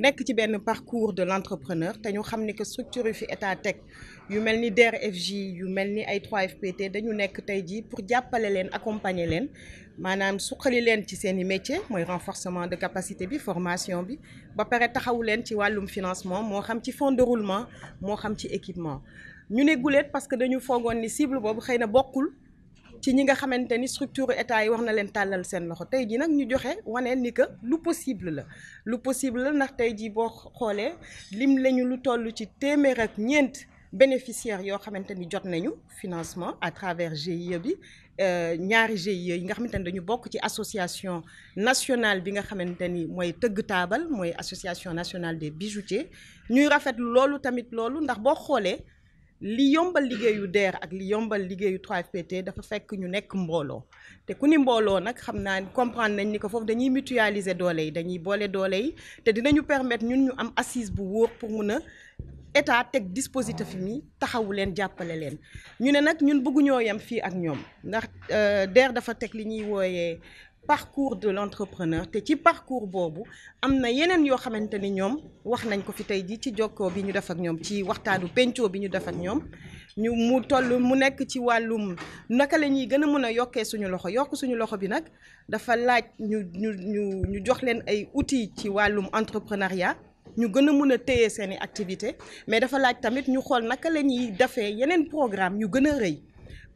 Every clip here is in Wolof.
nek ci ben parcours de l'entrepreneur te ñu xam que structure fi état tech yu melni ni DRFJ yu melni ay 3FPT dañu nek tey jii pour jappalé len accompagner len manam suqali len ci seen métier moy renforcement de capacité bi formation bi ba paré taxawu len ci walum financement mo xam ci fonds de roulement mo xam ci équipement ñu ne guléet parce que dañu fogon ni cible bobu xeyna bokul ci ñi nga xamante ni structure état yi war na leen tàllal seen loxo tey jii nag ñu joxe wane ni que lu possible la lu possible la ndax tey jii boo xoolee lim lañu lu toll ci téeméer ak ñeent bénéficiaires yoo xamante ni jot nañu financement à travers GIE bi euh, ñaari GIE yi nga xamante ni dañu bokk ci association nationale bi nga xamante ni mooy tëgg taabal mooy association nationale des bijoutiers ñuy rafetlu loolu tamit loolu ndax boo xoolee li yombal liggéeyu deer ak li yombal liggéeyu 3FPT dafa fekk ñu nekk mbooloo te ku ni mbooloo nag xam naa comprendre nañ ni ko foofu dañuy mutualiser doole yi dañuy boole doole yi te dinañu permettre ñun ñu am assise bu wóor pour mun a état teg dispositif mi taxawu leen jàppale leen ñu ne nag ñun bëgguñoo yem fii ak ñoom ndax euh, DER dafa teg li ñuy wooyee parcours de l'entrepreneur te ci parcours bobu amna yenen yo xamanteni ñom wax nañ ko fi tay jii ci joko bi ñu def ak ñom ci waxtaanu pencoo bi ñu def ak ñom ñu mu tollu mu nekk ci walum naka lañuy gëna mëna a suñu loxo yokk suñu loxo bi nak dafa laaj ñu ñu ñu jox leen ay outils ci walum entrepreneuriat ñu gëna mëna téyé a seen activité mais dafa laaj tamit ñu xol naka lañuy dafé yenen programme ñu gëna a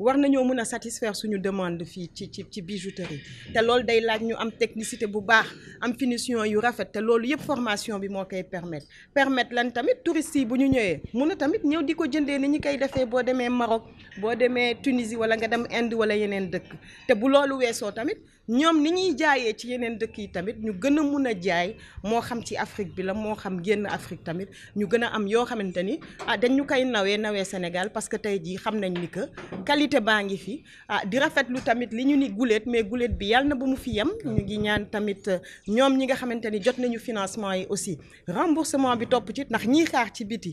war nañoo mën a satisfaire suñu demande fii ci ci bijouterie te loolu day laaj ñu am technicité bu baax am finition yu rafet te loolu yëpp formation bi moo permettre permettre lan tamit touristes bu ñu tamit ñëw ko ni Maroc bo demee Tunisie wala nga dem Inde wala yeneen dëkk te bu loolu weesoo tamit ñoom ni ñuy jaayee ci yeneen dëkk yi tamit ñu gën a mun a jaay moo xam ci Afrique bi la moo xam génn Afrique tamit ñu gën a am yoo xamante ni ah dañ ñu koy nawee nawee Sénégal parce que tey jii xam nañ ni que qualité baa ngi fi ah di rafetlu tamit li ñu ni guléet mais guléet bi yal na ba mu fi yem ñu ngi ñaan tamit euh, ñoom ñi nga xamante ni jot nañu financement yi aussi remboursement bi topp ci ndax ñiy xaar ci biti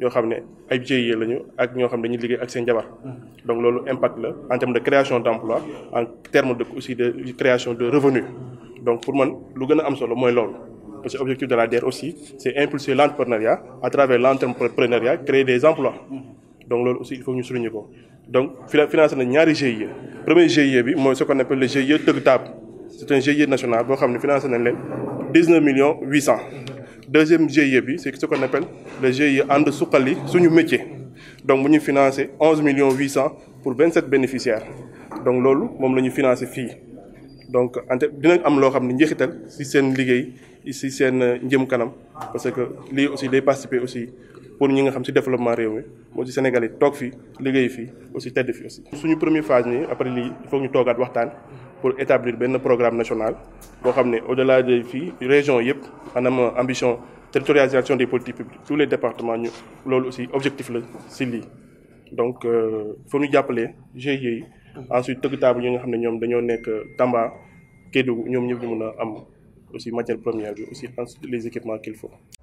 Nous xam ne GIE lañu ak ñoo xam dañuy liggéey ak seen jabar donc loolu impact en termes de création d'emplois en termes de aussi de création de revenus. donc pour moi, lu gën am solo mooy loolu de la DER aussi c'est impulser l'entrepreneuriat à travers l'entrepreneuriat, créer des emplois donc loolu aussi il faut ñu souligner ko donc financé na ñaari GIE premier GIE bi ce qu'on appelle le GIE de C'est c' un GIE national boo xam ne financé nañ leen millions deuxième GIE, c'est ce qu'on appelle le GIE Ande Soukali, son métier. Donc, nous finançons 11 800 000 pour 27 bénéficiaires. Donc, nous finançons les nous Donc, nous avons fait ce que nous avons si c'est ce que nous avons fait, c'est Parce que nous aussi des participer aussi pour nous faire un le développement réel. Moi, je Sénégalais, je suis ici, les filles. aussi tête aussi fille. Sur une première phase, après, il faut que nous nous pour établir un programme national pour au-delà de régions région a une ambition territorialisation des politiques publiques tous les départements ont aussi objectif la donc euh, faut nous appeler, GIE ensuite tout avons que nga xam ne Tamba aussi matière première aussi les équipements qu'il faut